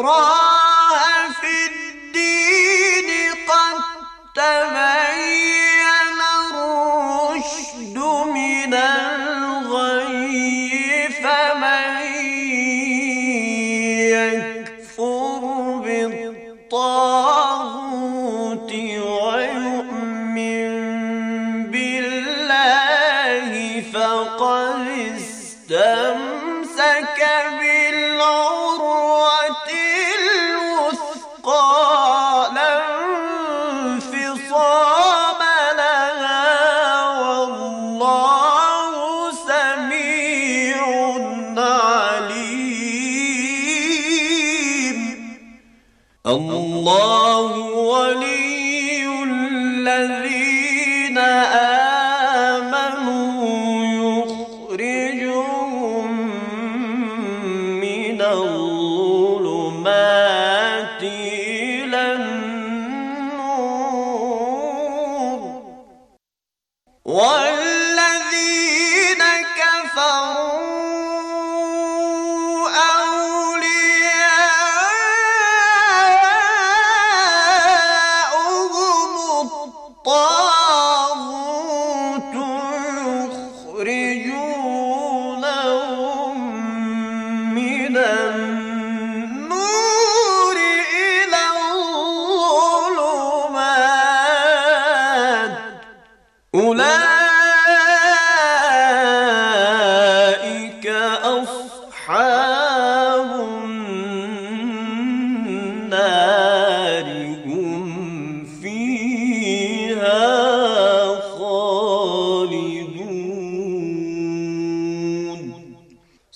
التراب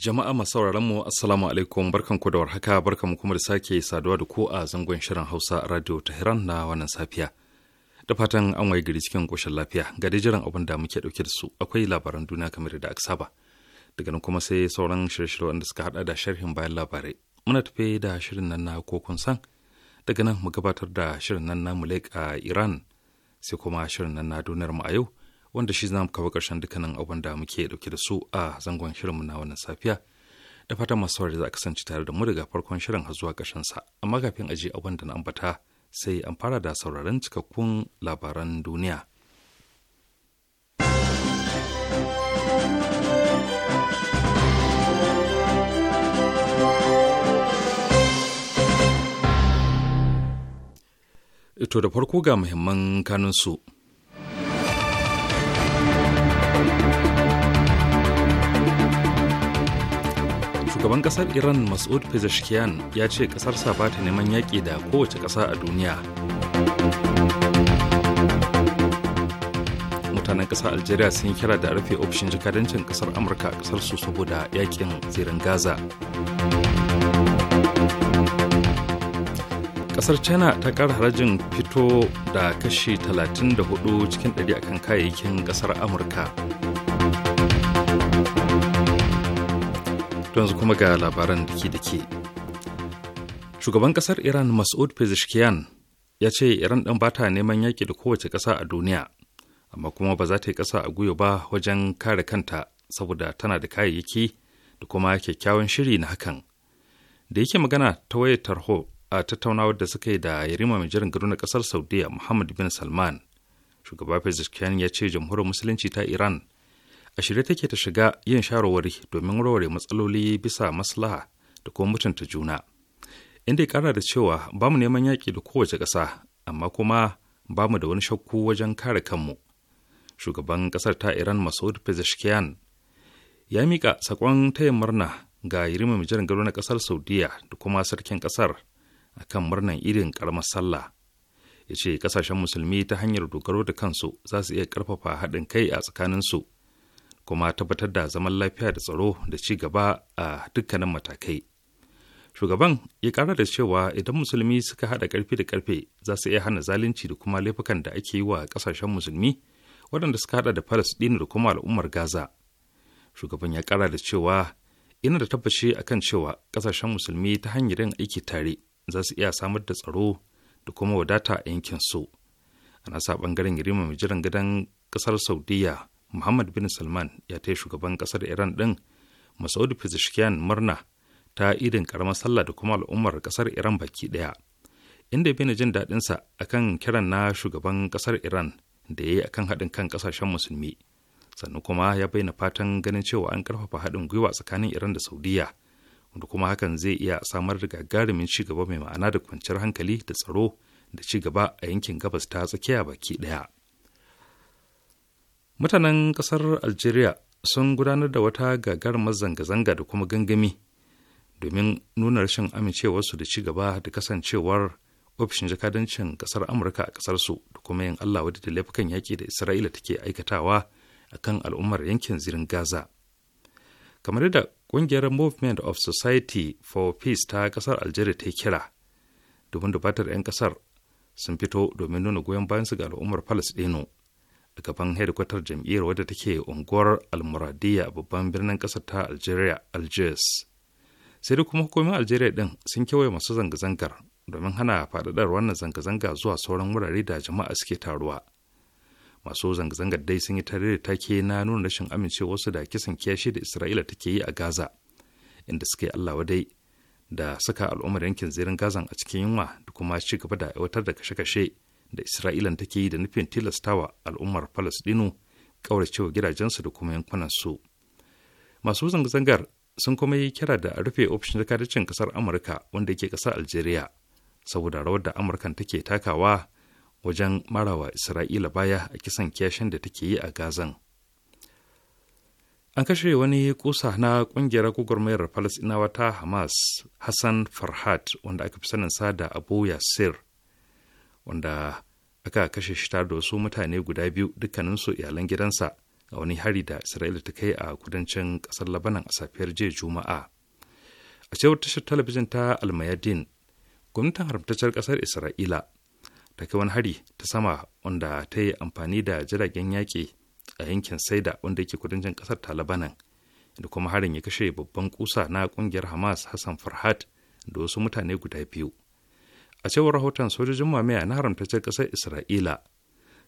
Jama'a masu sauraron mu Assalamu alaikum barkanku da warhaka barkanku kuma da sake saduwa da ku a zangon shirin Hausa Radio Tehran na wannan safiya. Da fatan an waye gari cikin koshin lafiya ga jiran abin da muke dauke da su akwai labaran duniya kamar da aka saba. Daga nan kuma sai sauran shirye-shirye wanda suka hada da sharhin bayan labarai. Muna tafe da shirin nan na kokon san. Daga nan mu gabatar da shirin nan na mulek a Iran sai kuma shirin nan na duniyar mu a yau. wanda shi zamu kawo ƙarshen dukkanin abin da muke ɗauke da su a zangon shirinmu na wannan safiya da fatan masu saurari za a kasance tare da mu daga farkon shirin har zuwa ƙarshen sa amma kafin aji abin da na ambata sai an fara da sauraron cikakkun labaran duniya ito da farko ga muhimman kanunsu. su shugaban kasar iran masud pezeshkian ya ce kasarsa ba ta neman yaƙi da kowace ƙasa a duniya mutanen ƙasar algeria sun yi kira da rufe ofishin jikadancin ƙasar amurka a ƙasar su saboda yaƙin zirin gaza kasar china ta ƙara harajin fito da kashi 34 cikin 100 akan kayayyakin ƙasar amurka yanzu kuma ga labaran da ke da ke shugaban kasar iran mas'ud pezeshkian ya ce iran ɗin ba ta neman yaƙi da kowace ƙasa a duniya amma kuma ba za ta yi ƙasa a gwiwa ba wajen kare kanta saboda tana da kayayyaki da kuma kyakkyawan shiri na hakan da yake magana ta wayar tarho a tattaunawar da suka yi da yarima mai jiran gado na kasar saudiya muhammad bin salman shugaba pezeshkian ya ce jamhuriyar musulunci ta iran a shirye take ta shiga yin shawarwari domin warware matsaloli bisa maslaha da kuma mutunta juna inda ya kara da cewa ba mu neman yaƙi da kowace ƙasa amma kuma ba mu da wani shakku wajen kare kanmu shugaban ƙasar ta iran masoud pezeshkian ya mika sakon taya murna ga yirma mijiran gado na ƙasar saudiya da kuma sarkin ƙasar akan murnan irin ƙaramar sallah ya ce ƙasashen musulmi ta hanyar dogaro da kansu za su iya ƙarfafa haɗin kai a tsakaninsu kuma tabbatar da zaman lafiya da tsaro da ci gaba a dukkanin matakai shugaban ya kara da cewa idan musulmi suka haɗa ƙarfi da karfe za su iya hana zalunci da kuma laifukan da ake yi wa ƙasashen musulmi waɗanda suka haɗa da falasɗinu da kuma al'ummar gaza shugaban ya kara da cewa ina da tabbaci akan cewa ƙasashen musulmi ta hanyar yin aiki tare za su iya samar da tsaro da kuma wadata a yankin su ana sa ɓangaren yarima mai jiran gidan ƙasar saudiyya. muhammad bin salman ya ta shugaban ƙasar iran ɗin masaud pezeshkian murna ta idin karamar sallah da kuma al'ummar ƙasar iran baki ɗaya inda bin jin daɗinsa kan kiran na shugaban ƙasar iran da ya yi a kan haɗin kan ƙasashen musulmi sannan kuma ya bayyana fatan ganin cewa an ƙarfafa haɗin gwiwa tsakanin iran da saudiyya wanda kuma hakan zai iya samar da gagarumin ci gaba mai ma'ana da kwanciyar hankali da tsaro da ci gaba a yankin gabas ta tsakiya baki ɗaya. mutanen ƙasar algeria sun gudanar da wata gagarumar zanga-zanga da kuma gangami domin nuna rashin amincewarsu da ci gaba da kasancewar ofishin jakadancin ƙasar amurka a ƙasarsu da kuma yin allah wadda da laifukan yaƙi da isra'ila take aikatawa a kan al'ummar yankin zirin gaza kamar da ƙungiyar movement of society for peace ta ƙasar algeria ta kira domin da 'yan ƙasar sun fito domin nuna goyon bayansu ga al'ummar palestino a gaban hedikwatar jam'iyyar wadda take unguwar almuradiyya a babban birnin ƙasar ta algeria algiers sai dai kuma hukumomin algeria din sun kewaye masu zanga-zangar domin hana faɗaɗar wannan zanga-zanga zuwa sauran wurare da jama'a suke taruwa masu zanga-zangar dai sun yi tare da take na nuna rashin amincewa wasu da kisan kiyashi da isra'ila take yi a gaza inda suke allah wadai da saka al'ummar yankin zirin gazan a cikin yunwa da kuma ci gaba da aiwatar da kashe-kashe da isra'ilan take yi da nufin tilastawa al'ummar kawar cewa gidajensu da kuma yankunansu masu zanga-zangar sun kuma yi kira da rufe ofishin jakadancin ƙasar amurka wanda yake ƙasar algeria saboda rawar da amurkan take takawa wajen marawa isra'ila baya a kisan kiyashin da take yi a gazan an kashe wani kusa na kungiyar gwagwarmayar falasinawa ta hamas hassan farhat wanda aka fi saninsa da abu yasir wanda aka kashe shi da wasu mutane guda biyu dukkaninsu iyalan gidansa a wani hari da isra'ila ta kai a kudancin kasar labanan a safiyar jiya juma'a a cewar tashar talabijin ta almayadin gwamnatin haramtaccen kasar isra'ila ta kai wani hari ta sama wanda ta yi amfani da jiragen yaƙi a yankin saida wanda yake kudancin kasar ta labanan da kuma harin ya kashe babban kusa na ƙungiyar hamas hassan farhat da wasu mutane guda biyu a cewar rahoton sojojin mamaya na haramtaccen ƙasar isra'ila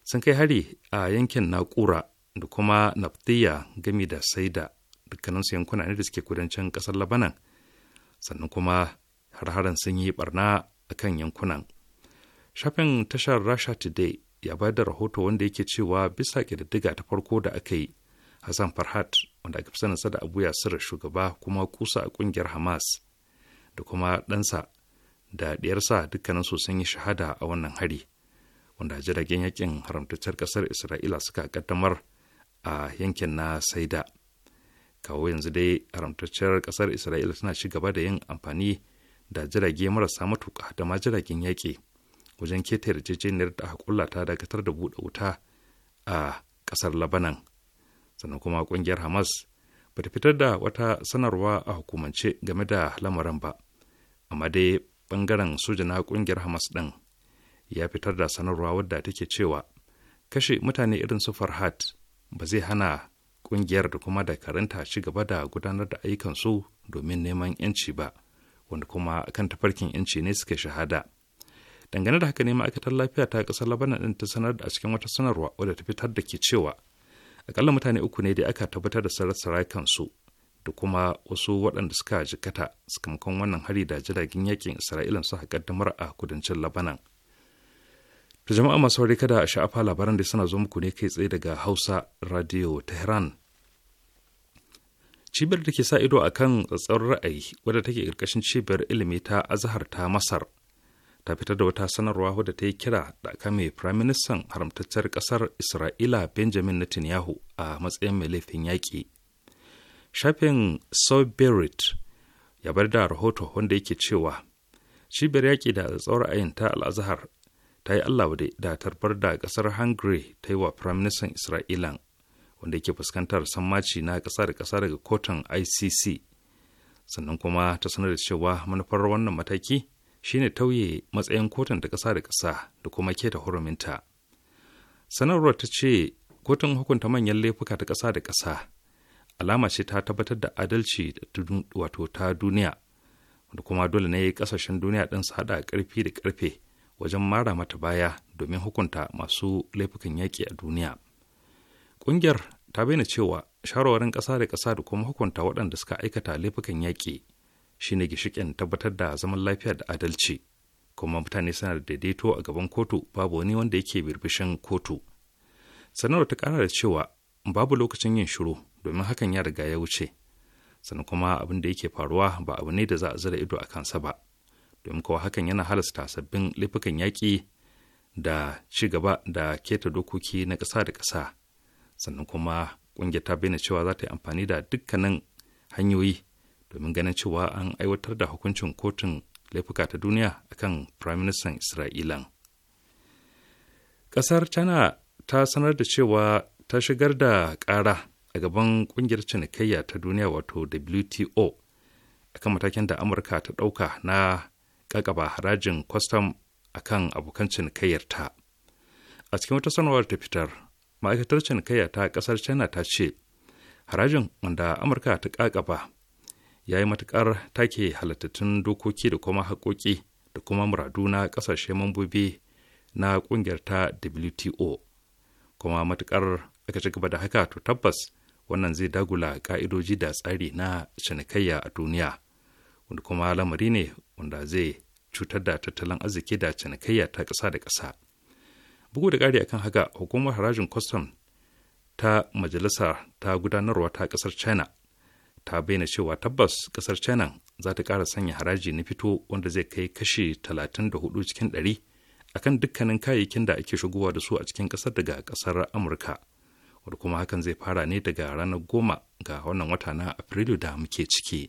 sun kai hari a yankin naƙura da kuma naftiya gami da saida dukkaninsu yankuna ne da suke kudancin ƙasar labanan sannan kuma har-haren sun yi barna a kan yankunan shafin tashar rasha today ya bayar da rahoto wanda yake cewa bisa ƙididdiga ta farko da aka yi hassan farhat wanda aka fi saninsa da abu yasir shugaba kuma kusa a ƙungiyar hamas da kuma ɗansa da ɗiyarsa dukkanin su sun yi shahada a wannan hari wanda jiragen yakin haramtaccen ƙasar isra'ila suka kaddamar a yankin na saida kawo yanzu dai haramtaccen ƙasar isra'ila tana ci gaba da yin amfani da jirage marasa matuƙa da ma jiragen yaƙi wajen keta yarjejeniyar da aka kullata dakatar da buɗe wuta a ƙasar labanan sannan kuma ƙungiyar hamas ba ta fitar da wata sanarwa a hukumance game da lamarin ba amma dai bangaren soja na kungiyar hamas din ya fitar da sanarwa wadda take cewa kashe mutane irin su farhat ba zai hana kungiyar da kuma da dakaranta ci gaba da gudanar da ayyukan su domin neman yanci ba wanda kuma kan tafarkin yanci ne suka shahada dangane da haka ne ma'aikatar lafiya ta kasar labanan din ta sanar da a cikin wata sanarwa wadda ta fitar da ke cewa akalla mutane uku ne da aka tabbatar da sarar kansu da kuma wasu waɗanda suka jikata sakamakon wannan hari da jiragen yakin isra'ila su damar a kudancin labanan da jama'a masu saurari kada a sha'afa labaran da suna zo muku ne kai tsaye daga hausa radio tehran cibiyar da ke sa ido a kan tsatsar ra'ayi wadda take ƙarƙashin cibiyar ilimi ta azahar ta masar ta fitar da wata sanarwa wadda ta yi kira da aka mai firaministan haramtacciyar ƙasar isra'ila benjamin netanyahu a matsayin mai laifin yaƙi Shafin Soberit ya bar da rahoto wanda yake cewa cibiyar yaƙi da tsatsauwar ayin ta al'azahar ta yi Allah wade da tarbar da ƙasar Hungary ta yi wa Firaministan Isra'ila wanda yake fuskantar sammaci na ƙasa da ƙasa daga kotun ICC. Sannan kuma ta sanar da cewa manufar wannan mataki shine tauye matsayin kotun da ƙasa da ƙasa da kuma keta huruminta. Sanarwar ta ce kotun hukunta manyan laifuka ta ƙasa da ƙasa alama ce ta tabbatar da adalci wato ta duniya wanda kuma dole ne kasashen duniya ɗin su haɗa ƙarfi da ƙarfe wajen mara mata baya domin hukunta masu laifukan yaƙi a duniya ƙungiyar ta bayyana cewa shawarwarin ƙasa da ƙasa da kuma hukunta waɗanda suka aikata laifukan yaƙi shine gishiƙin tabbatar da zaman lafiya da adalci kuma mutane suna da daidaito a gaban kotu babu wani wanda yake birbishin kotu sanarwar ta ƙara da cewa babu lokacin yin shiru domin hakan ya riga ya wuce sannan kuma abin da yake faruwa ba abu ne da za a zira ido a kansa ba domin kuwa hakan yana halasta sabbin laifukan yaƙi da ci gaba da keta dokoki na ƙasa da ƙasa sannan kuma ƙungiyar ta bayyana cewa za ta yi amfani da dukkanin hanyoyi domin ganin cewa an aiwatar da hukuncin kotun laifuka ta duniya akan firaministan isra'ilan ƙasar tana ta sanar da cewa ta shigar da ƙara a gaban ƙungiyar cinikayya ta duniya wato WTO akan matakin da Amurka ta ɗauka na ƙaƙaba harajin kwastam a kan abokan cinikayyar ta. A cikin wata sanarwar ta fitar, ma'aikatar cinikayya ta ƙasar China ta ce, harajin wanda Amurka ta ƙaƙaba ya yi matuƙar take halittattun dokoki da kuma haƙoƙi da kuma muradu na ƙasashe mambobi na ƙungiyar ta WTO. kuma matuƙar aka ci gaba da haka to tabbas wannan zai dagula ka'idoji da tsari na cinikayya a duniya wanda kuma lamari ne wanda zai cutar da tattalin arziki da cinikayya ta ƙasa da ƙasa bugu da ƙari akan haka hukumar harajin kwastam ta majalisa ta gudanarwa ta ƙasar china ta bayyana cewa tabbas ƙasar china za ta ƙara sanya haraji na fito wanda zai kai kashi 34 cikin 100 akan dukkanin kayayyakin da ake shigowa da su a cikin ƙasar daga ƙasar amurka wadda kuma hakan zai fara ne daga ranar goma ga wannan wata na afrilu da muke ciki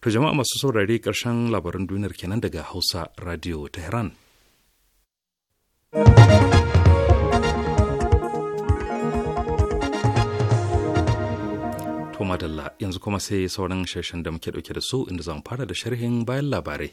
to jama'a masu saurare karshen labaran duniyar kenan daga hausa radio tehran to madalla yanzu kuma sai sauran shirshen da muke dauke da su inda zan fara da sharhin bayan labarai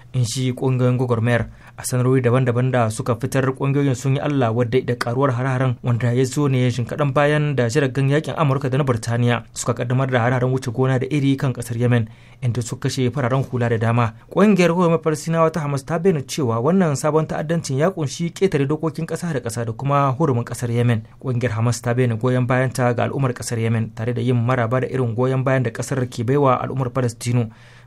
in shi kungiyoyin gwagwarmayar a sanarwar daban-daban da suka fitar kungiyoyin sun yi Allah wadda da karuwar hararen wanda ya zo ne kadan bayan da jiragen yakin Amurka da na Burtaniya suka kaddamar da hararen wuce gona da iri kan kasar Yemen inda suka kashe fararen hula da dama kungiyar Hukumar Farsinawa ta Hamas ta bayyana cewa wannan sabon ta'addancin ya kunshi ketare dokokin kasa da kasa da kuma hurumin kasar Yemen kungiyar Hamas ta bayyana goyon bayanta ga al'ummar kasar Yemen tare da yin maraba da irin goyon bayan da kasar ke baiwa al'ummar Falastinu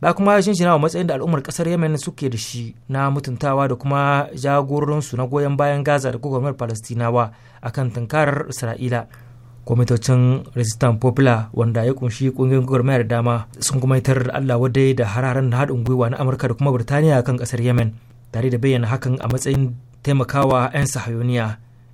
ba kuma shinshina wa matsayin da al'ummar kasar yemen suke da shi na mutuntawa da kuma jagororinsu na goyon bayan gaza da gwamnatin palestinawa akan tunkarar isra'ila kwamitocin resistant popular wanda ya kunshi kungiyoyin gwamnatin dama sun kuma tarar allah wadai da hararen na haɗin gwiwa na amurka da kuma birtaniya kan kasar yemen tare da bayyana hakan a matsayin taimakawa 'yan sahayoniya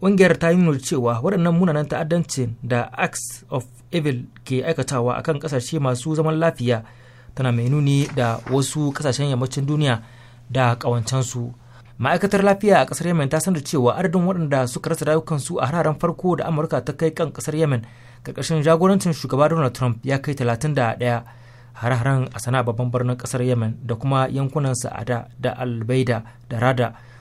ƙungiyar ta yi nuna cewa waɗannan munanan ta'addancin da acts of evil ke aikatawa a kan ƙasashe masu zaman lafiya tana mai nuni da wasu ƙasashen yammacin duniya da ƙawancensu ma'aikatar lafiya a ƙasar yemen ta sanar cewa adadin waɗanda suka rasa rayukansu a hararen farko da amurka ta kai kan ƙasar yemen ƙarƙashin jagorancin shugaba donald trump ya kai talatin da ɗaya har-haren a sana babban birnin ƙasar yemen da kuma yankunan sa'ada da albaida da rada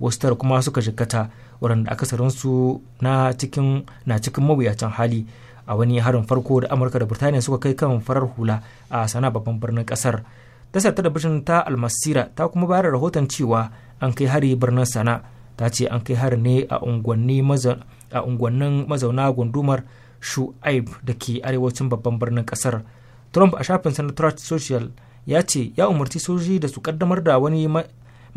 wasu kuma suka jikkata waɗanda akasarinsu na cikin na cikin mawuyacin hali a wani harin farko da amurka da birtaniya suka kai kan farar hula a sana babban birnin kasar tasar talabijin ta almasira ta kuma bayar da rahoton cewa an kai hari birnin sana ta ce an kai hari ne a unguwannin mazauna gundumar shu'aib da ke arewacin babban birnin kasar trump a shafin sanatorat social ya ce ya umarci sojoji da su kaddamar da wani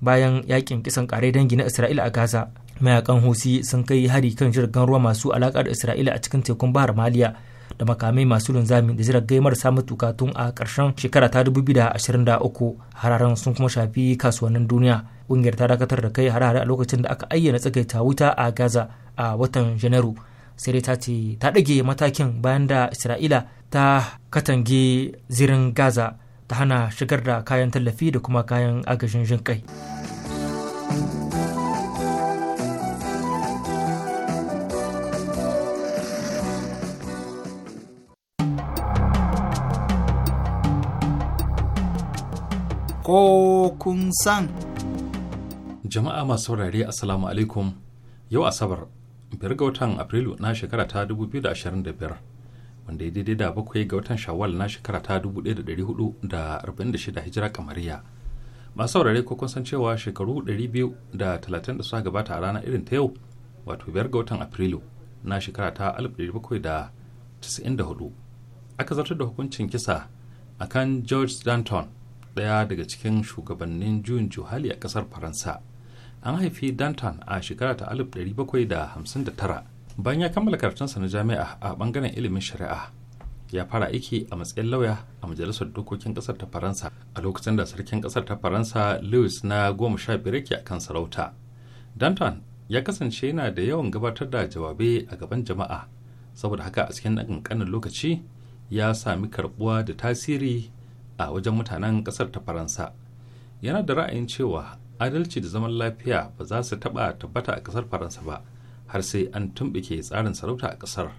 bayan yakin kisan kare dangi na isra'ila a gaza mayakan husi sun kai hari kan jirgin ruwa masu alaƙa da isra'ila a cikin tekun bahar maliya da makamai masu linzami da jiragai marasa matuka tun a ƙarshen shekara ta 2023 hararen sun kuma shafi kasuwannin duniya ƙungiyar ta dakatar da kai harare a lokacin da aka ayyana tsagaita wuta a gaza a watan janairu sai dai ta ce ta ɗage matakin bayan da isra'ila ta katange zirin gaza ta hana shigar da kayan tallafi da kuma kayan agajin jin kai. Ko kun san. Jama'a masu saurare Assalamu alaikum yau Asabar, biyar ga watan Afrilu na shekara ta 2025. wanda ya daidai da bakwai ga watan shawwal na shekara ta 1446 hijira kamariya masu saurare ko kun san cewa shekaru 230 da suka gabata a rana irin ta yau wato biyar ga watan afrilu na shekara ta 1794 aka zartar da hukuncin kisa a kan george danton ɗaya daga cikin shugabannin juyin juhali a ƙasar faransa an haifi danton a shekara ta tara. bayan ya kammala karatunsa na jami'a a bangaren ilimin shari'a ya fara aiki a matsayin lauya a majalisar dokokin kasar ta faransa a lokacin da sarkin kasar ta faransa louis na goma sha biyar yake a kan sarauta danton ya kasance yana da yawan gabatar da jawabai a gaban jama'a saboda haka a cikin ƙanƙanin lokaci ya sami karɓuwa da tasiri a wajen mutanen kasar ta faransa yana da ra'ayin cewa adalci da zaman lafiya ba za su taɓa tabbata a kasar faransa ba har sai an tumɓuke tsarin sarauta a ƙasar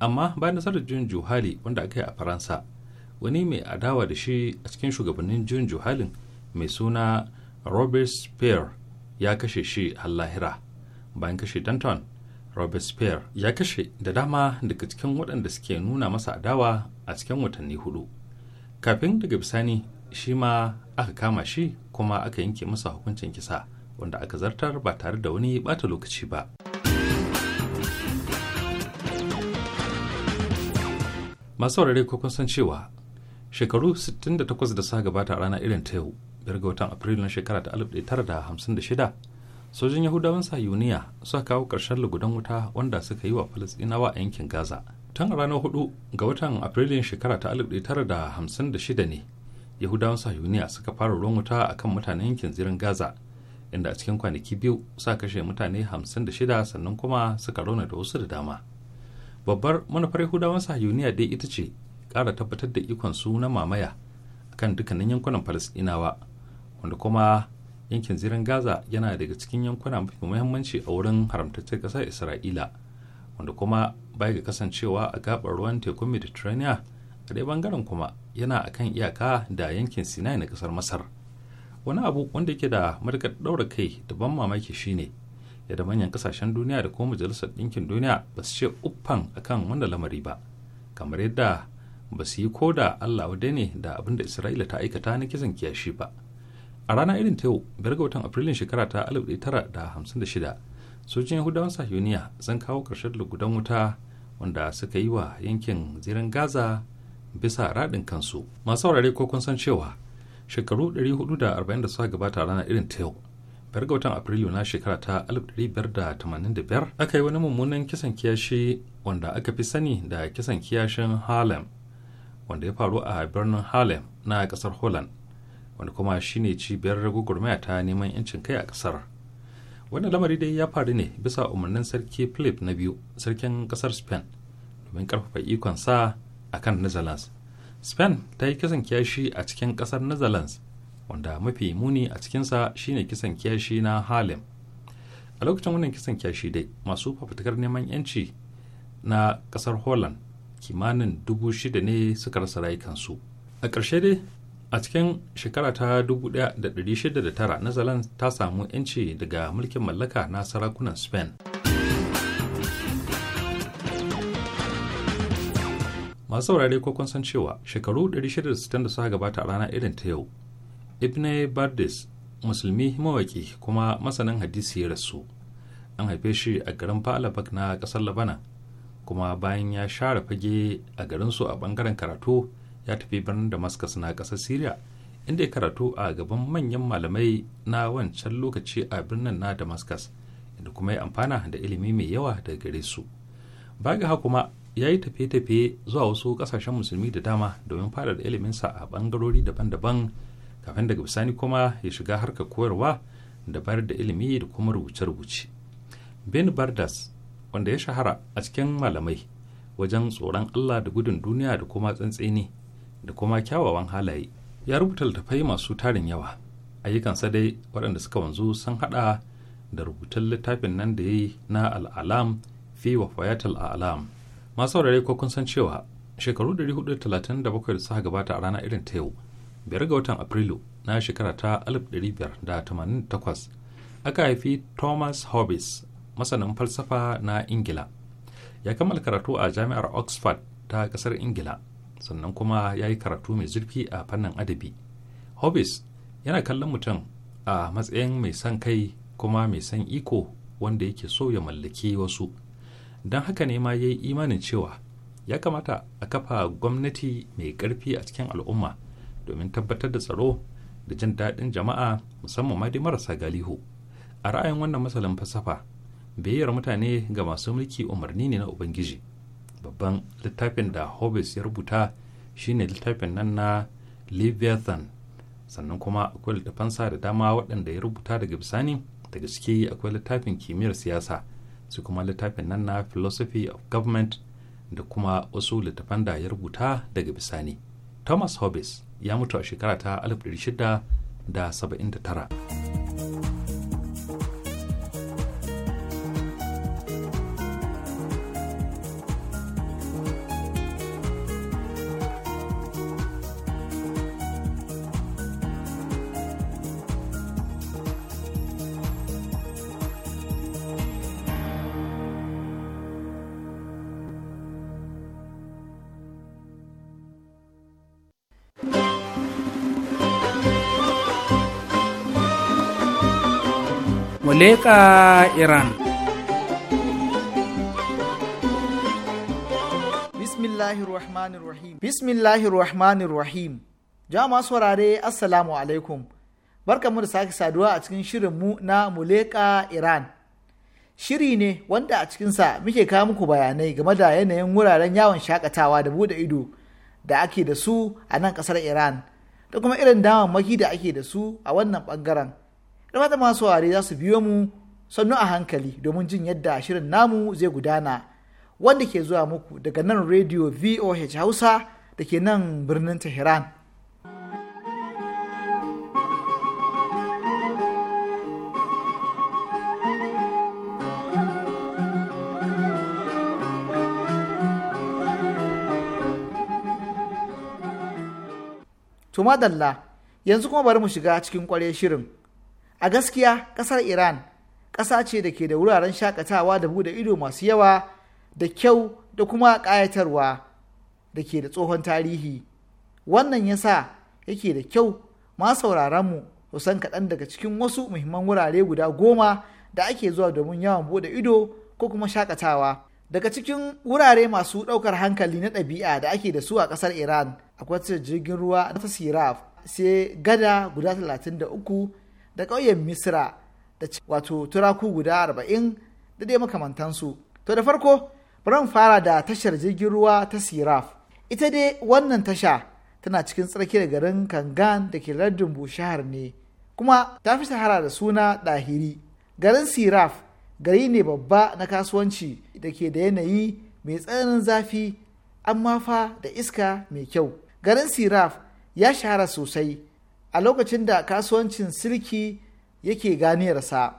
amma bayan nasarar juyin juhali wanda aka yi a faransa wani mai adawa da shi a cikin shugabannin juyin juhalin mai suna robert spear ya kashe shi a lahira bayan kashe danton robert spear ya kashe da dama daga cikin waɗanda suke nuna masa adawa a cikin watanni hudu kafin daga bisani shi ma aka kama shi kuma aka yanke masa hukuncin kisa wanda aka zartar ba tare da wani bata lokaci ba. masu saurare ko kun san cewa shekaru 68 da suka gabata a rana irin ta yau biyar ga watan na shekara ta 1956 sojin yahudawan sayuniya suka kawo ƙarshen lugudan wuta wanda suka yi wa falastinawa a yankin gaza tun a ranar 4 ga watan afrilun shekara ta 1956 ne yahudawan sayuniya suka fara ruwan wuta a kan mutanen yankin zirin gaza inda a cikin kwanaki biyu suka kashe mutane 56 sannan kuma suka rauna da wasu da dama babbar manufar yahudawan sahayuniya dai ita ce kara tabbatar da ikon su na mamaya kan dukkanin yankunan falasɗinawa wanda kuma yankin zirin gaza yana daga cikin yankuna mafi muhimmanci a wurin haramtacce ƙasar isra'ila wanda kuma baya ga kasancewa a gabar ruwan tekun mediterranean a dai bangaren kuma yana akan iyaka da yankin sinai na ƙasar masar wani abu wanda yake da matuƙar ɗaura kai da ban mamaki shine da da manyan kasashen duniya da kuma majalisar ɗinkin duniya ba su ce uffan akan wanda lamari ba kamar yadda ba su yi ko da allah wadai ne da abinda isra'ila ta aikata na kisan kiyashi ba a rana irin ta yau biyar ga watan afrilun shekara ta 1956 sojin yahudawan sahiyoniya sun kawo ƙarshen lugudan wuta wanda suka yi wa yankin ziran gaza bisa raɗin kansu masu saurare ko kun san cewa shekaru hudu da suka gabata rana irin ta yau biyar ga watan Afrilu na shekara ta 1585 aka yi wani mummunan kisan kiyashi wanda aka fi sani da kisan kiyashin Harlem wanda ya faru a birnin Harlem na kasar Holland wanda kuma shine cibiyar gugurmaya ta neman 'yancin kai a kasar. Wannan lamari dai ya faru ne bisa umarnin sarki Philip na biyu sarkin kasar Spain domin karfafa ikonsa a kan Netherlands. Spain ta yi kisan kiyashi a cikin kasar Netherlands wanda mafi muni a cikinsa shine kisan kiyashi na harlem a lokacin wannan kisan kiyashi dai masu fafutukar neman yanci na kasar holland kimanin dubu shida ne suka rasa rayukansu a ƙarshe dai a cikin shekara ta 1609 netherlands ta samu yanci daga mulkin mallaka na sarakunan spain masu saurare ko kun san cewa shekaru 660 da suka gabata a rana irin ta yau ibn bardis musulmi mawaki kuma masanin hadisi ya rasu an haife shi a garin falabak na kasar labana kuma bayan ya share fage a garinsu a bangaren karatu ya tafi birnin damascus na kasar syria inda ya karatu a gaban manyan malamai na wancan lokaci a birnin na damascus inda kuma ya amfana da ilimi mai yawa daga gare su baga ha kuma ya yi tafiye-tafiye zuwa wasu kasashen musulmi da dama domin fara da iliminsa a bangarori daban-daban kafin daga bisani kuma ya shiga harka koyarwa da bayar da ilimi da kuma rubuce-rubuce ben bardas wanda ya shahara a cikin malamai wajen tsoron allah da gudun duniya da kuma tsantseni da kuma kyawawan halaye ya rubuta littattafai masu tarin yawa ayyukansa dai waɗanda suka wanzu sun haɗa da rubutun littafin nan da ya yi na al'alam fi wafayatul al'alam masu saurare ko kun san cewa shekaru 437 da suka gabata a rana irin ta yau biyar ga watan Afrilu na shekara ta 1588 aka haifi Thomas Hobbes masanin falsafa na Ingila. Ya kammala karatu a jami'ar Oxford ta kasar Ingila sannan kuma ya yi karatu mai zurfi a fannin adabi. Hobbes yana kallon mutum a matsayin mai son kai kuma mai son iko wanda yake so ya mallaki wasu. Don haka ne ma ya yi imanin cewa ya kamata a kafa gwamnati mai ƙarfi a cikin al'umma domin tabbatar da tsaro da jin daɗin jama'a musamman ma dai marasa galihu a ra'ayin wannan masalin fasafa biyayyar mutane ga masu mulki umarni ne na ubangiji babban littafin da hobbes ya rubuta shine littafin nan na leviathan sannan kuma akwai sa da dama waɗanda ya rubuta daga bisani daga ciki akwai littafin kimiyyar siyasa su kuma littafin nan na philosophy of government da kuma wasu littafan da ya rubuta daga bisani thomas hobbes ya mutu a shekara ta 1679 leka iran Bismillahir Rahmanir Rahim. jama'a saurare assalamu alaikum Barka mu da sake saduwa a cikin shirin mu na muleka iran shiri ne wanda a cikinsa muke kawo muku bayanai game da yanayin wuraren yawon shakatawa da bude ido da ake da su a nan kasar iran da kuma irin damammaki da ake da su a wannan bangaren da mata masu ware za su biyo mu sannu a hankali domin jin yadda shirin namu zai gudana wanda ke zuwa muku daga nan rediyo voh hausa da ke nan birnin tehran To madalla yanzu kuma bari mu shiga cikin kwarya shirin. a gaskiya ƙasar iran ƙasa ce da ke da wuraren shakatawa da bude ido masu yawa da kyau da kuma kayatarwa da ke da tsohon tarihi wannan ya sa yake da kyau ma sauraronmu mu san kaɗan daga cikin wasu muhimman wurare guda goma da ake zuwa domin yawan bude ido ko kuma shakatawa daga cikin wurare masu ɗaukar hankali na ɗabi'a da ake da su a ƙasar iran akwai jirgin ruwa na siraf sai gada guda 33 da ƙauyen misra da wato turaku guda arba'in da dai makamantansu to da farko bari fara da tashar jirgin ruwa ta siraf ita dai wannan tasha tana cikin tsarki da garin kangan da ke lardin bushahar ne kuma ta fi shahara da suna ɗahiri garin siraf gari ne babba na kasuwanci da ke da yanayi mai tsananin zafi amma fa da iska mai kyau garin siraf ya shahara sosai a lokacin da kasuwancin silki yake ganiyarsa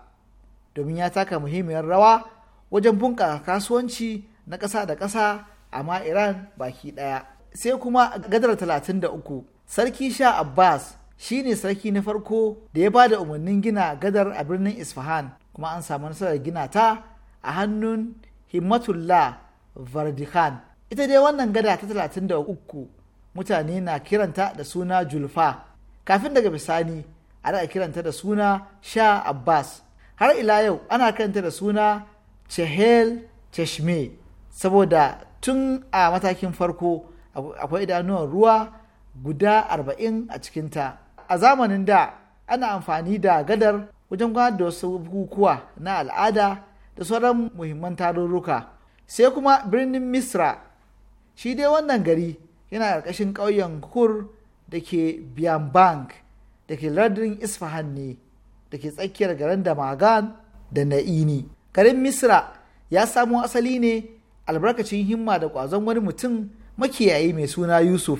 domin ya taka muhimmiyar rawa wajen bunƙasa kasuwanci na ƙasa da ƙasa amma iran baki ɗaya sai kuma gadar 33 sarki sha abbas shi ne sarki na farko da ya ba da umarnin gina gadar a birnin isfahan kuma an samu nasarar gina ta a hannun himmatullah vardikhan ita dai wannan gada ta 33 mutane na kiranta da suna julfa kafin daga bisani a kiranta da suna sha abbas har ila yau ana kiranta da suna chehel cheshme saboda tun a matakin farko akwai idanuwan ruwa guda arba'in a cikinta a zamanin da ana amfani da gadar wajen gudanar da wasu bukukuwa na al'ada da sauran muhimman tarurruka sai kuma birnin misra shi dai wannan gari yana ƙarƙashin ƙauyen kur da ke bank da ke lardin isfahan ne da ke tsakiyar garin damagan da na'ini garin misra ya samo asali ne albarkacin himma da ƙwazon wani mutum makiyayi mai suna yusuf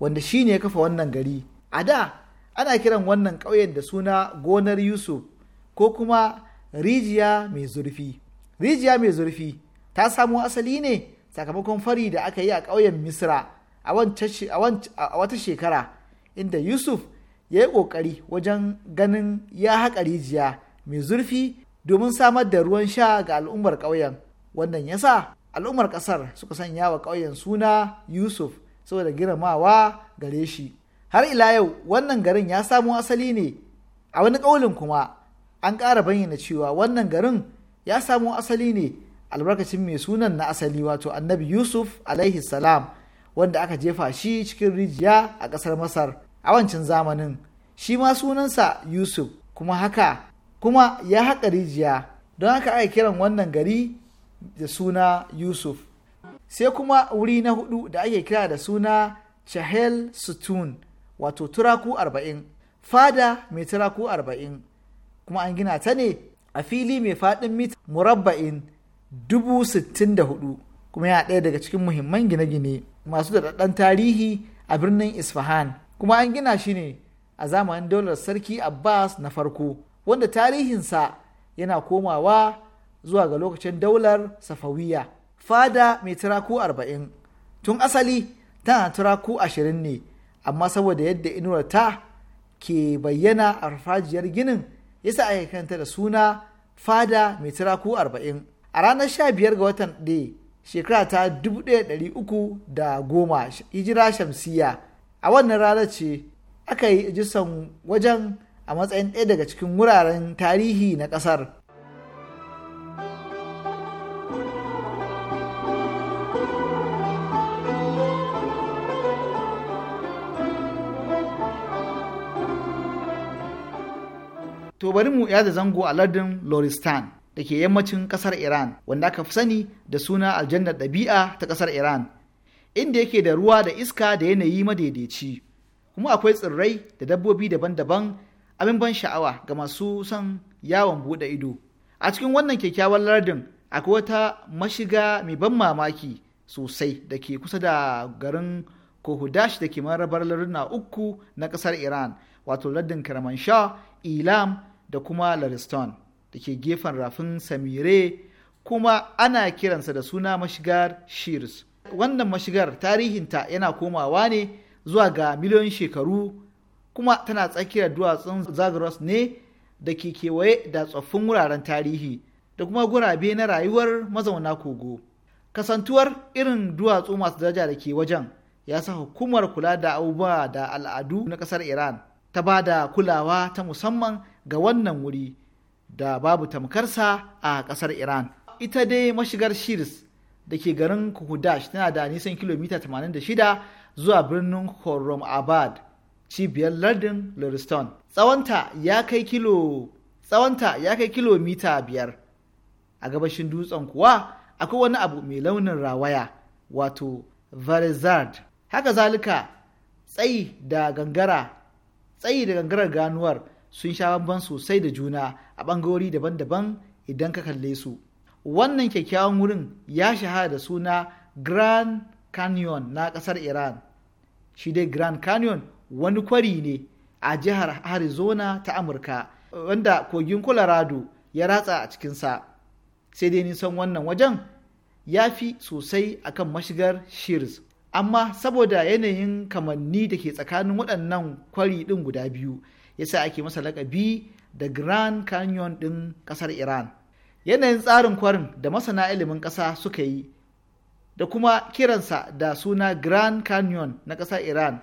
wanda shi ne ya kafa wannan gari a da ana kiran wannan ƙauyen da suna gonar yusuf ko kuma rijiya mai zurfi rijiya mai zurfi ta samo asali ne sakamakon fari da aka yi a ƙauyen misra a wata shekara inda yusuf ya yi ƙoƙari wajen ganin ya haƙa rijiya mai zurfi domin samar da ruwan sha ga al'ummar ƙauyen wannan ya sa al'ummar ƙasar suka sanya wa ƙauyen suna yusuf saboda girmamawa gare shi har ila yau wannan garin ya samo asali ne a wani ƙaulin kuma an ƙara bayyana cewa wannan garin ya samo asali ne albarkacin mai sunan na asali wato annabi yusuf alaihi salam wanda aka jefa shi cikin rijiya a ƙasar masar a wancan zamanin shi ma sunansa yusuf kuma haka kuma ya haƙa rijiya don haka aka kiran wannan gari da suna yusuf sai kuma wuri na hudu da ake kira da suna chahel sutun wato turaku arba'in fada mai turaku arba'in kuma an gina ta ne a fili mai faɗin mita murabba'in dubu sittin da hudu kuma yana ɗaya daga cikin muhimman gine-gine masu daɗaɗɗen tarihi a birnin isfahan kuma an gina shi ne a zamanin daular sarki abbas na farko wanda tarihinsa yana komawa zuwa ga lokacin daular safawiya fada mai turaku arba'in tun asali tana turaku ashirin ne amma saboda yadda inuwar ta ke bayyana a farfajiyar ginin yasa aka kanta da suna fada mai turaku arba'in a ranar sha biyar ga watan ɗaya shekara ta 1310 hijira shamsiya a wannan ranar ce aka yi ijisan wajen a matsayin ɗaya daga cikin wuraren tarihi na ƙasar. To bari mu ya da zango a lardin Loristan. da ke yammacin kasar Iran wanda aka fi sani da suna aljannar ɗabi'a ta kasar Iran inda yake da ruwa da iska da yanayi madaidaici kuma akwai tsirrai da dabbobi daban-daban abin ban sha'awa ga masu son yawon buɗe ido a cikin wannan kyakkyawan lardin akwai wata mashiga mai ban mamaki sosai da ke kusa da garin Kohudash da ke marabar larduna uku na kasar Iran wato lardin Kermanshah, Ilam da kuma Lariston. da ke gefen rafin samire kuma ana kiransa da suna mashigar shears wannan mashigar tarihinta yana komawa ne zuwa ga miliyoyin shekaru kuma tana tsakiyar duwatsun zagros ne da ke kewaye da tsoffin wuraren tarihi da kuma gurabe na rayuwar mazauna kogo kasantuwar irin duwatsu masu daraja da ke wajen ya sa hukumar kula da abubuwa da al'adu na kasar iran ta ba da kulawa ta musamman ga wannan wuri da babu tamkarsa a ƙasar Iran. Ita dai mashigar Shirs da ke garin Kuhudash tana da nisan kilomita 86 zuwa birnin Khorram Abad, cibiyar lardin Lurston. Tsawonta ya kai kilomita biyar. A gabashin dutsen kuwa akwai wani abu mai launin rawaya wato Verizard. Haka zalika tsayi da gangara tsayi da gangarar ganuwar sun sha bamban sosai da juna a ɓangarori daban-daban idan ka kalle su wannan kyakkyawan wurin ya shahara da suna grand canyon na ƙasar iran shi dai grand canyon wani kwari ne a jihar arizona ta amurka wanda kogin colorado ya ratsa a cikinsa sai dai nisan wannan wajen ya fi sosai akan mashigar shears amma saboda yanayin kamanni da ke tsakanin waɗannan kwari ɗin guda biyu yasa ake masa lakabi da grand canyon din kasar iran yanayin tsarin kwarin da masana ilimin kasa suka yi da kuma kiransa da suna grand canyon na kasar iran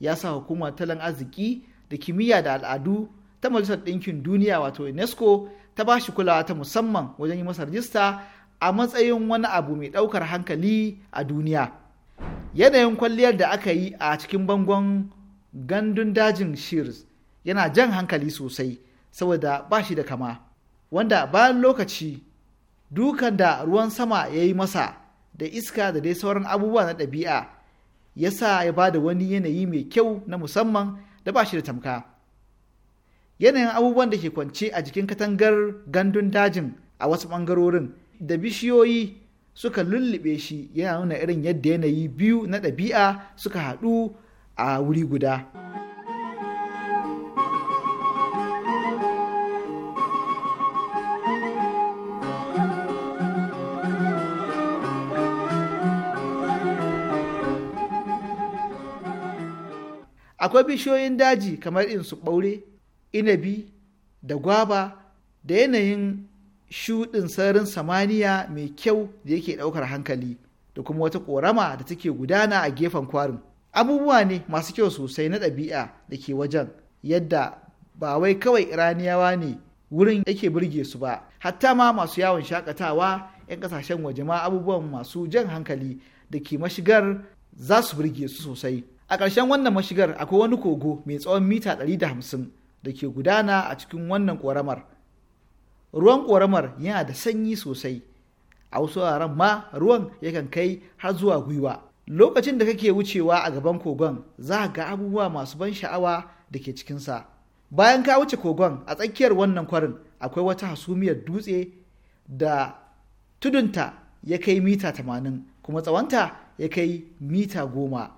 ya sa hukumar talan arziki da kimiyya da al'adu ta majalisar ɗinkin duniya wato unesco ta ba shi kulawa ta musamman wajen yi masa rajista a matsayin wani abu mai ɗaukar hankali a duniya yanayin kwalliyar da aka yi a cikin bangon gandun dajin shears yana jan hankali sosai saboda ba shi da kama wanda bayan lokaci dukan da ruwan sama ya yi masa da iska da dai sauran abubuwa na ɗabi'a ya sa ya ba da wani yanayi mai kyau na musamman da ba shi da tamka yanayin abubuwan da ke kwance a jikin katangar gandun dajin a wasu ɓangarorin da bishiyoyi suka lullube shi yana nuna irin yadda yanayi biyu na ɗabi'a suka haɗu a wuri guda. akwai bishiyoyin daji kamar in su ɓaure inabi da gwaba da yanayin shuɗin sararin samaniya mai kyau da yake ɗaukar hankali da kuma wata ƙorama da take gudana a gefen kwarin abubuwa ne masu kyau sosai na ɗabi'a da ke wajen yadda ba wai kawai iraniyawa ne wurin yake burge su ba hatta ma masu yawon shakatawa 'yan kasashen waje ma abubuwan masu jan hankali da ke mashigar za su burge su sosai a ƙarshen wannan mashigar akwai wani kogo mai tsawon mita 150 da ke gudana a cikin wannan ƙoramar ruwan ƙoramar yana da sanyi sosai a wasu wuraren ma ruwan yakan kai har zuwa gwiwa lokacin da kake wucewa a gaban kogon za ga abubuwa masu ban sha'awa da ke cikinsa bayan ka wuce kogon a tsakiyar wannan kwarin akwai wata hasumiyar dutse da tudunta ya kai mita 80 kuma tsawonta ya kai mita goma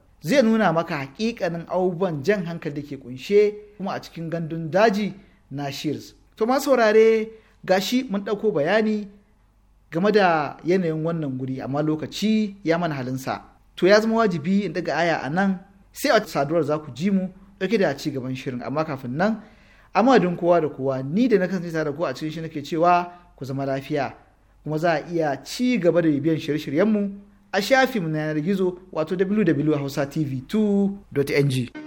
zai nuna maka hakikanin abubuwan jan hankali da ke kunshe kuma a cikin gandun daji na shears to ma saurare gashi mun ɗauko bayani game da yanayin wannan guri amma lokaci ya mana halinsa to ya zama wajibi in daga aya a nan sai a saduwar za ku ji mu ɗauke da ci gaban shirin amma kafin nan amma don kowa da kowa ni da na kasance tare da ku a cikin shi nake cewa ku zama lafiya kuma za a iya ci gaba da bibiyan shirye shiryen mu. a shafin na yanar gizo wato www.hausatv2.ng.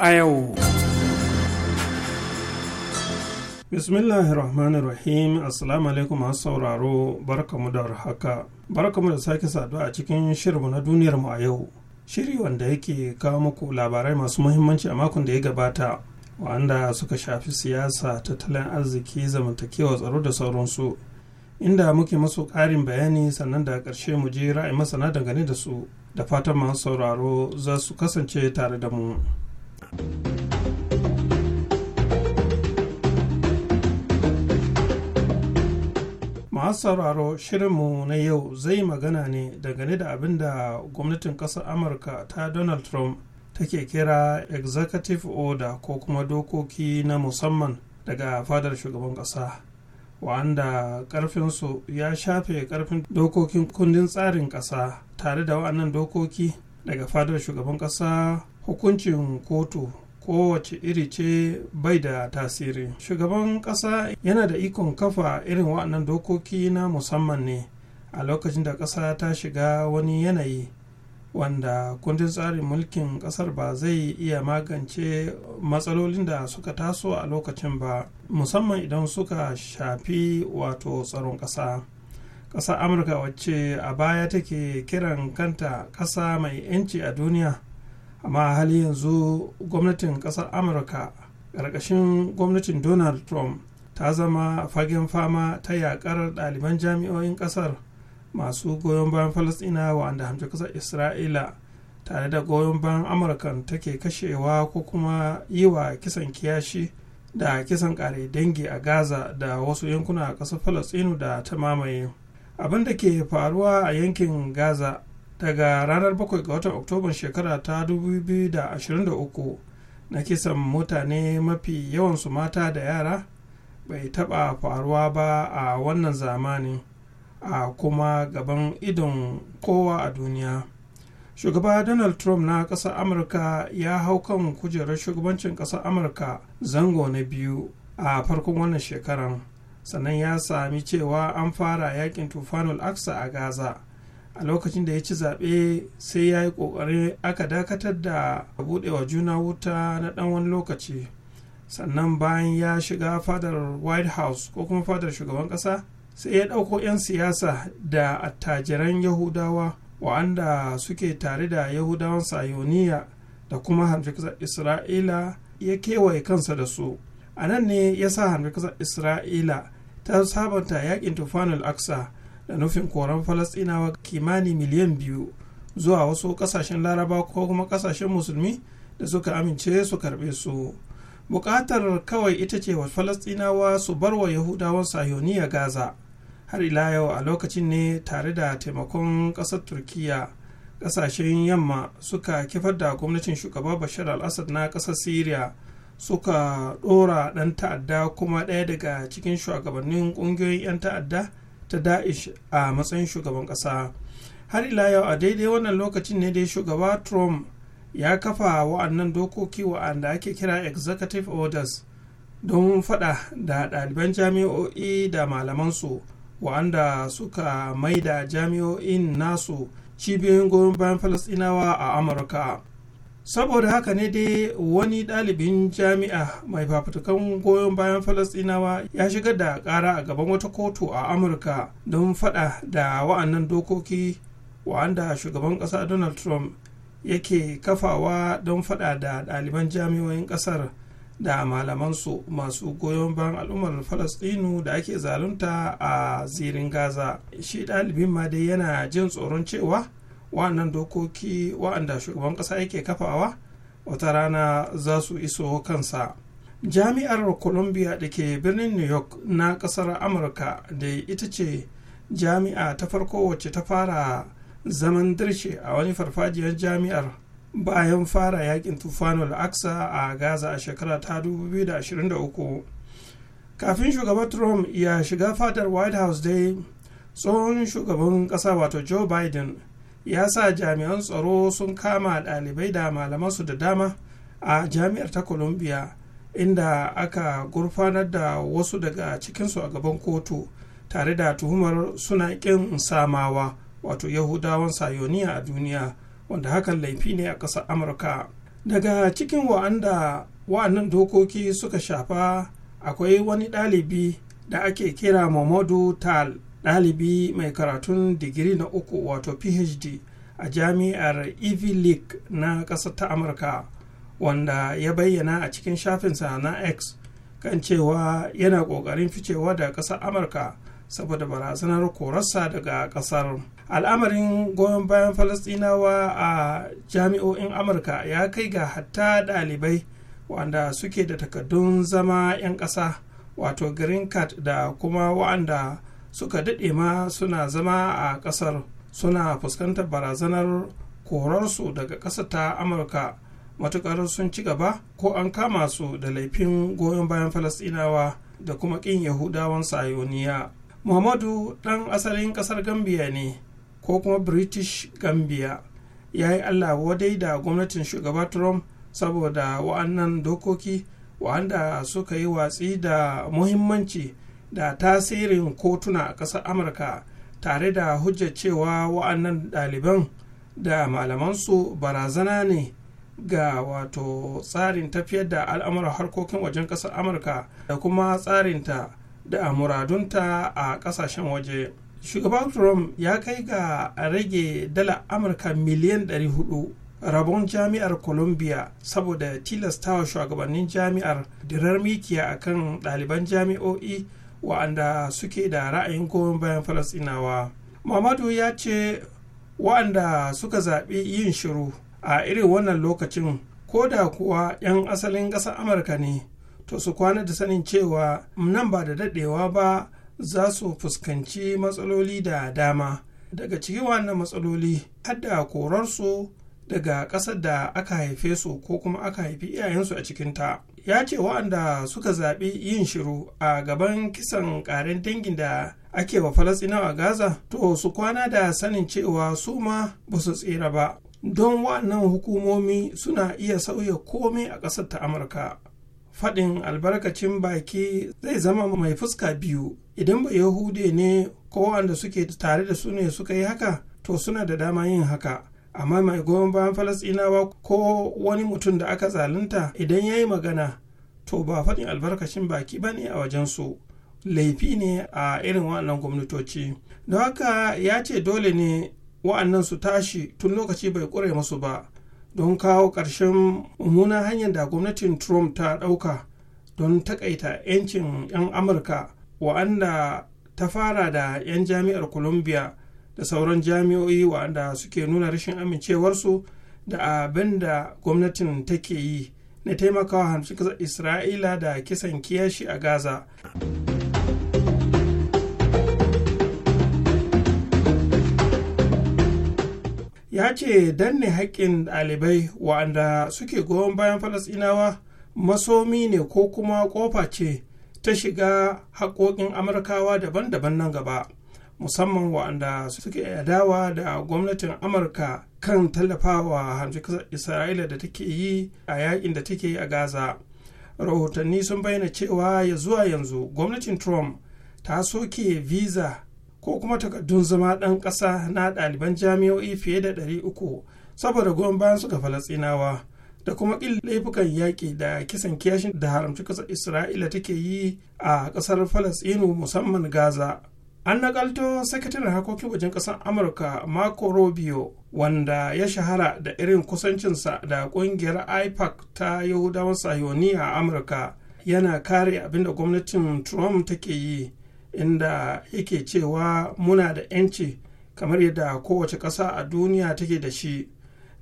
a yau. Bismillahirrahmanirrahim assalamu alaikum masu sauraro barkamu da haka barkamu da sake saduwa a cikin shirinmu na duniyar mu a yau shiri wanda yake kawo muku labarai masu muhimmanci a makon da ya gabata wanda suka shafi siyasa tattalin arziki zamantakewa tsaro da sauransu inda muke masu ƙarin bayani sannan da ƙarshe mu je ra'ayi masana dangane da su da fatan masu sauraro za su kasance tare da mu. masu sauraro shirinmu na yau zai magana ne daga dangane da abin da gwamnatin ƙasar amurka ta donald trump take kira executive order ko kuma dokoki na musamman daga fadar shugaban ƙasa wa'anda ƙarfinsu ya shafe ƙarfin dokokin kundin tsarin ƙasa tare da wa'annan dokoki daga fadar shugaban ƙasa hukuncin kotu kowace iri ce bai da tasiri shugaban ƙasa yana da ikon kafa irin waɗannan dokoki na musamman ne a lokacin da ƙasa ta shiga wani yanayi wanda kundin tsarin mulkin ƙasar ba zai iya magance matsalolin da suka taso a lokacin ba musamman idan suka shafi wato tsaron ƙasa ƙasar amurka wacce a baya take kiran kanta ƙasa mai 'yanci a duniya amma hali yanzu gwamnatin kasar amurka ƙarƙashin gwamnatin donald trump ta zama fagen fama ta yakar ɗaliban jami'o'in ƙasar masu goyon bayan falasɗina wanda hamshe ƙasar isra'ila tare da goyon bayan amurkan take kashewa ko kuma yi wa kisan kiyashi da kisan ƙare dangi a gaza da wasu yankuna a ƙasar falasɗinu da ta mamaye abinda ke faruwa a yankin gaza daga ranar 7 ga watan oktoban shekara ta 2023 na kisan mutane mafi yawan su mata da yara bai taɓa faruwa ba a wannan zamani a kuma gaban idon kowa a duniya shugaba donald trump na ƙasar amurka ya hau kan kujerar shugabancin ƙasar amurka zango na biyu a farkon wannan shekaran sannan ya sami cewa an fara yakin tufanul aksa a gaza a lokacin da ya ci zaɓe sai ya yi ƙoƙarin aka dakatar da buɗewa juna wuta na ɗan wani lokaci sannan bayan ya shiga fadar white house ko kuma fadar shugaban ƙasa sai ya ɗauko 'yan siyasa da attajiran yahudawa wa'anda suke tare da yahudawan sayoniya da kuma hamfikisar isra'ila ya kewaye kansa da su a nan ne ya sa hamfikisar isra'ila ta sabanta yakin tufanul aksa da nufin koran falasɗinawa kimanin miliyan biyu zuwa wasu kasashen laraba ko kuma kasashen musulmi da suka amince su karbe su buƙatar kawai ita ce wa falasɗinawa su bar wa yahudawan sayoniya gaza har ila yau a lokacin ne tare da taimakon ƙasar turkiya ƙasashen yamma suka kifar da gwamnatin shugaba bashar al-assad na ƙasar syria suka ɗora ɗan ta'adda kuma ɗaya daga cikin shugabannin ƙungiyoyin 'yan ta'adda ta Daesh a matsayin shugaban kasa. har ila yau a daidai wannan lokacin ne dai shugaba trump ya kafa wa'annan dokoki wa'anda ake kira executive orders don fada da ɗaliban jami'o'i da malamansu wa'anda suka maida jami'o'in nasu cibiyoyin goyon bayan falasɗinawa a amurka saboda haka ne dai wani ɗalibin jami'a mai fafutukan goyon bayan falasɗinawa ya shiga da ƙara a gaban wata kotu a amurka don faɗa da wa'annan dokoki wa'anda shugaban ƙasa donald trump yake kafawa don faɗa da ɗaliban jami'o'in ƙasar da malamansu masu goyon bayan al'ummar falasɗinu da ake zalunta a zirin gaza shi ɗalibin ma dai yana jin tsoron cewa wa'annan dokoki wa'anda shugaban ƙasa yake kafawa wata rana za su iso kansa jami'ar columbia da ke birnin new york na ƙasar amurka da ita ce jami'a ta farko wacce ta fara zaman dirshe a wani farfajiyar jami'ar bayan fara yakin tufanul aksa a gaza a shekara ta 2023 kafin shugaban trump ya shiga fadar white house dai tsohon shugaban kasa wato joe biden ya sa jami'an tsaro sun kama ɗalibai da malamansu da dama a jami'ar ta columbia inda aka gurfanar da wasu daga cikinsu a gaban kotu tare da tuhumar suna ƙin samawa wato yahudawan sayoniya a duniya wanda hakan laifi ne a ƙasar amurka daga cikin wa'anda wa'annan dokoki suka shafa akwai wani ɗalibi da ake kira momodu tal ɗalibi mai karatun digiri na uku wato phd a jami'ar ivy league na ƙasar ta amurka wanda ya bayyana a cikin shafinsa na x kan cewa yana ƙoƙarin ficewa da ƙasar amurka saboda barazanar korarsa daga ƙasar al'amarin goyon bayan falastinawa a jami'o'in amurka ya kai ga hatta ɗalibai wanda suke da takaddun zama 'yan ƙasa wato green card da kuma wa'anda suka daɗe ma suna zama a ƙasar suna fuskantar barazanar korarsu daga ƙasa ta amurka matuƙar sun ci gaba ko an kama su da laifin goyon bayan falasɗinawa da kuma ƙin yahudawan sayoniya muhammadu ɗan asalin ƙasar gambia ne ko kuma british gambia ya yi allah wadai da gwamnatin shugaba trump saboda wa'annan dokoki wa'anda suka yi watsi da muhimmanci da tasirin kotuna a ƙasar amurka tare da hujjar cewa wa'annan ɗaliban da malamansu barazana ne ga wato tsarin tafiyar da al'amuran harkokin wajen ƙasar amurka da kuma tsarinta da muradunta a ƙasashen waje shugaban trump ya kai ga rage dala amurka miliyan 400 rabon jami'ar columbia saboda tilastawa shugabannin jami'ar dirar mikiya akan ɗaliban jami'o'i wa'anda suke da ra'ayin koyon bayan falasinawa mamadu ya ce wa'anda suka zaɓi yin shiru a irin wannan lokacin ko da kuwa 'yan asalin ƙasar amurka ne to su kwana da sanin cewa nan ba da daɗewa ba za su fuskanci matsaloli da dama daga cikin wannan matsaloli hadda korarsu daga ƙasar da aka haife su ko kuma aka haifi iyayensu a cikinta ya ce waɗanda suka zaɓi yin shiru a gaban kisan ƙaren dangin da ake wa falasinawa gaza to su kwana da sanin cewa su ma ba su tsira ba don waɗannan hukumomi suna iya sauya komai a ƙasar ta amurka faɗin albarkacin baki zai zama mai fuska biyu idan ba yahude ne ko waɗanda suke tare da su ne suka yi haka to suna da dama yin haka amma mai goyon bayan falasɗinawa ko wani mutum da aka zalunta idan ya yi magana to ba faɗin albarkacin baki ba ne a wajensu laifi ne a irin waɗannan gwamnatoci don haka ya ce dole ne wa'annan su tashi tun lokaci bai ƙure masu ba don kawo ƙarshen mummunan hanyar da gwamnatin trump ta ɗauka don taƙaita 'yancin 'yan amurka wa'anda ta fara da 'yan jami'ar columbia da sauran jami'o'i waɗanda suke nuna rashin amincewarsu da abin da gwamnatin take yi na taimakawa hamsin ƙasar isra'ila da kisan kiyashi a gaza ya ce danne haƙƙin ɗalibai waɗanda suke goyon bayan falasɗinawa masomi ne ko kuma ƙofa ce ta shiga haƙoƙin amurkawa daban-daban nan gaba musamman wa'anda suke adawa da gwamnatin amurka kan tallafawa kasar isra'ila da take yi a yakin da take yi a gaza rahotanni sun bayyana cewa ya zuwa yanzu gwamnatin trump ta soke visa ko kuma takardun zama ɗan ƙasa na ɗaliban jami'o'i fiye da 300 saboda goyon bayan su ga falasɗinawa da kuma ƙin laifukan yaƙi da kisan kiyashin da haramci ƙasar isra'ila take yi a ƙasar falasɗinu musamman gaza an nakalto sakataren harkokin wajen ƙasar amurka marco rubio wanda ya shahara da irin kusancinsa da ƙungiyar ipac ta yahudawan sayoni a amurka yana kare abinda gwamnatin trump take yi inda yake cewa muna da 'yanci kamar yadda kowace ƙasa a duniya take da shi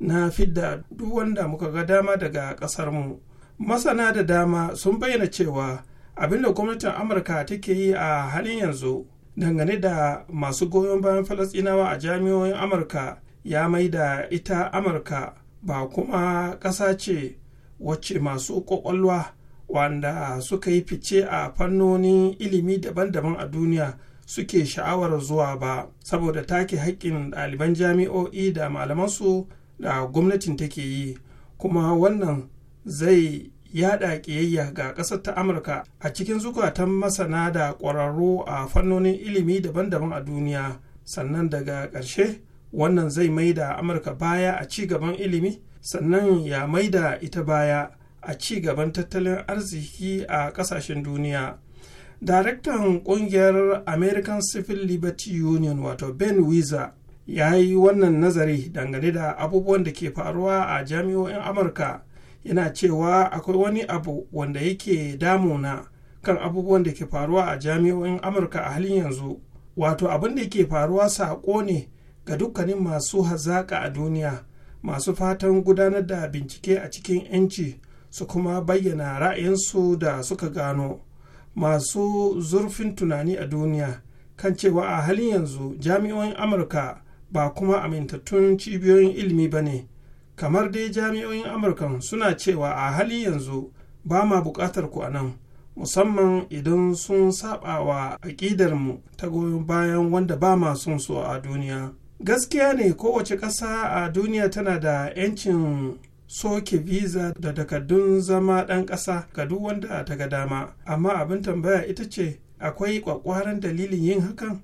na fidda duk wanda muka ga dama daga ƙasarmu masana da dama sun bayyana cewa abinda gwamnatin amurka take yi a halin yanzu dangane da masu goyon bayan falasinawa a jami'o'in amurka ya mai da ita amurka ba kuma ƙasa ce wacce masu ƙwaƙwalwa wanda suka yi fice a fannonin ilimi daban-daban a duniya suke sha'awar zuwa ba saboda take haƙƙin ɗaliban jami'o'i da malamansu da gwamnatin take yi kuma wannan zai yaɗa ƙiyayya ga ƙasar ta amurka a cikin zukatan masana da ƙwararru a fannonin ilimi daban-daban a duniya sannan daga ƙarshe wannan zai mai da amurka baya a ci gaban ilimi sannan ya mai da ita baya a ci gaban tattalin arziki a ƙasashen duniya daraktan ƙungiyar american civil liberty union wato ben wiza ya yi wannan nazari dangane da abubuwan da ke faruwa a jami'o'in amurka yana cewa akwai wani abu wanda yake damuna kan abubuwan da ke faruwa a jami'o'in amurka a halin yanzu wato abin da ke faruwa saƙo ne ga dukkanin masu hazaƙa a duniya masu fatan gudanar da bincike a cikin 'yanci su kuma bayyana ra'ayinsu da suka gano masu zurfin tunani a duniya kan cewa a halin yanzu jami'o'in amurka ba kuma amintattun cibiyoyin ilimi ba ne kamar dai jami'o'in amurkan suna cewa a hali yanzu ba ma buƙatar ku a nan musamman idan sun saba wa mu ta goyon bayan wanda ba ma son so a duniya gaskiya ne kowace ƙasa a duniya tana da 'yancin soke visa da takaddun zama ɗan ƙasa ga duk wanda ta ga dama amma abin tambaya ita ce akwai ƙwaƙwaran dalilin yin hakan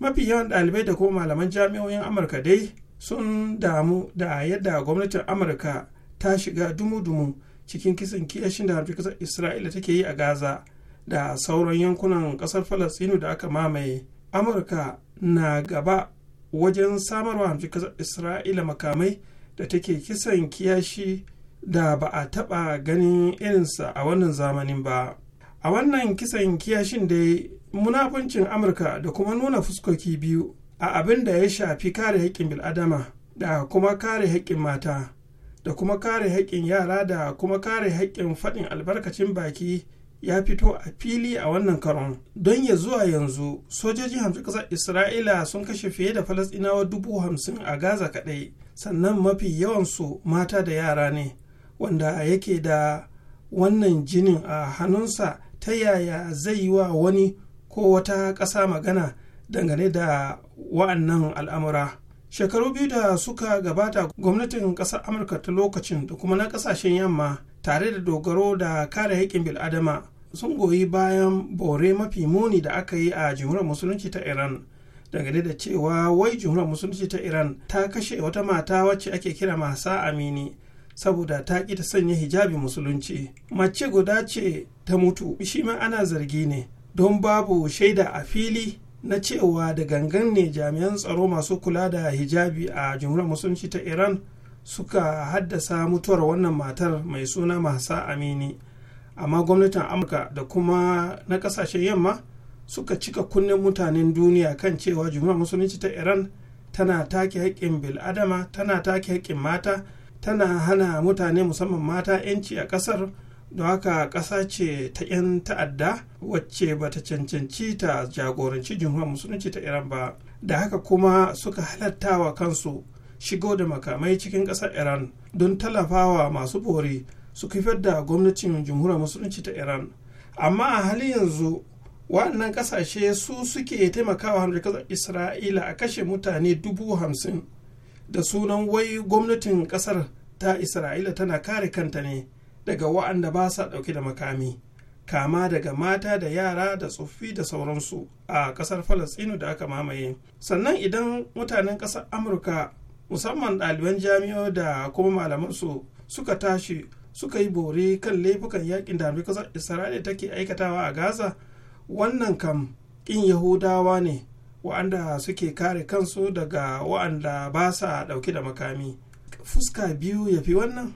mafi yawan ɗalibai da kuma malaman jami'o'in amurka dai sun damu da yadda gwamnatin amurka ta shiga dumu-dumu cikin kisan kiyashin da harfi kasar isra'ila take yi a gaza da sauran yankunan kasar falastinu da aka mamaye amurka na gaba wajen samarwa harfi kasar isra'ila makamai da take kisan kiyashi da ba a taɓa ganin irinsa a wannan zamanin ba a wannan kisan kiyashin dai munafuncin amurka da kuma nuna fuskoki biyu a abin da ya shafi kare haƙƙin bil'adama da kuma kare haƙƙin mata da kuma kare haƙƙin yara da kuma kare haƙƙin faɗin albarkacin baki ya fito a fili a wannan karon don ya zuwa yanzu sojoji hamsin ƙasar isra'ila sun kashe fiye da falasɗinawa dubu hamsin a gaza kaɗai sannan mafi yawansu mata da yara ne wanda yake da wannan jinin a hannunsa ta yaya zai yi wa wani ko wata ƙasa magana dangane da wa'annan al'amura shekaru biyu da suka gabata gwamnatin ƙasar amurka ta lokacin da kuma na ƙasashen yamma tare da dogaro da kare haƙƙin bil'adama sun goyi bayan bore mafi muni da aka yi a jimhuriyar musulunci ta iran dangane da cewa wai jumhuriyar musulunci ta iran ta kashe wata mata wacce ake kira masa amini saboda ta ƙi ta sanya hijabi musulunci mace guda ce ta mutu shi ma ana zargi ne don babu shaida a fili na cewa da gangan ne jami'an tsaro masu kula da hijabi a jumhuriyar musulunci ta iran suka haddasa mutuwar wannan matar mai suna masu amini amma gwamnatin amurka da kuma na kasashen yamma suka cika kunnen mutanen duniya kan cewa jumhuriyar musulunci ta iran tana take haƙƙin bil'adama tana take haƙƙin mata tana hana mutane musamman mata 'yanci a ƙasar don haka ƙasa ce ta 'yan ta'adda wacce ba ta cancanci ta jagoranci jumhuriyar musulunci ta iran ba da haka kuma suka halatta wa kansu shigo da makamai cikin ƙasar iran don tallafawa masu bori su kifar da gwamnatin jumhuriyar musulunci ta iran amma a halin yanzu waɗannan ƙasashe su suke taimakawa hamdar isra'ila a kashe mutane dubu hamsin da sunan wai gwamnatin ƙasar ta isra'ila tana kare kanta ne daga wa'anda ba sa ɗauke da makami kama daga mata da yara da tsoffi da sauransu a ƙasar falastinu da aka mamaye sannan idan mutanen ƙasar amurka musamman ɗaliban jami'o da kuma malamansu suka tashi suka yi bore kan laifukan yakin da ƙasar isra'ila take aikatawa a gaza wannan kam ƙin yahudawa ne wa'anda suke kare kansu daga wa'anda ba sa ɗauke da makami fuska biyu ya fi wannan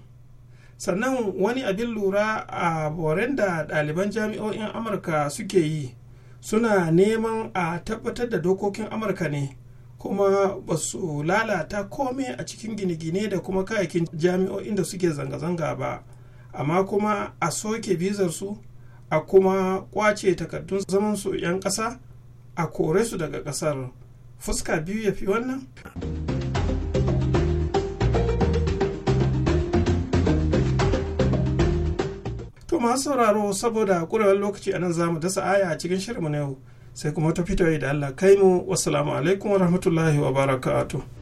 sannan wani abin lura a boren da ɗaliban jami'o'in amurka suke yi suna neman a tabbatar da dokokin amurka ne kuma ba su lalata kome a cikin gine-gine da kuma kayakin jami'o'in da suke zanga-zanga ba amma kuma a soke bizarsu a kuma kwace takardun zaman su 'yan ƙasa a kore su daga ƙasar fuska biyu ya fi wannan to masu sauraro saboda kurewar lokaci a nan za mu dasa aya a cikin shirinmu na yau sai kuma ta fito da Allah kai mu wasalamu alaikum wa rahmatullahi wa barakatuh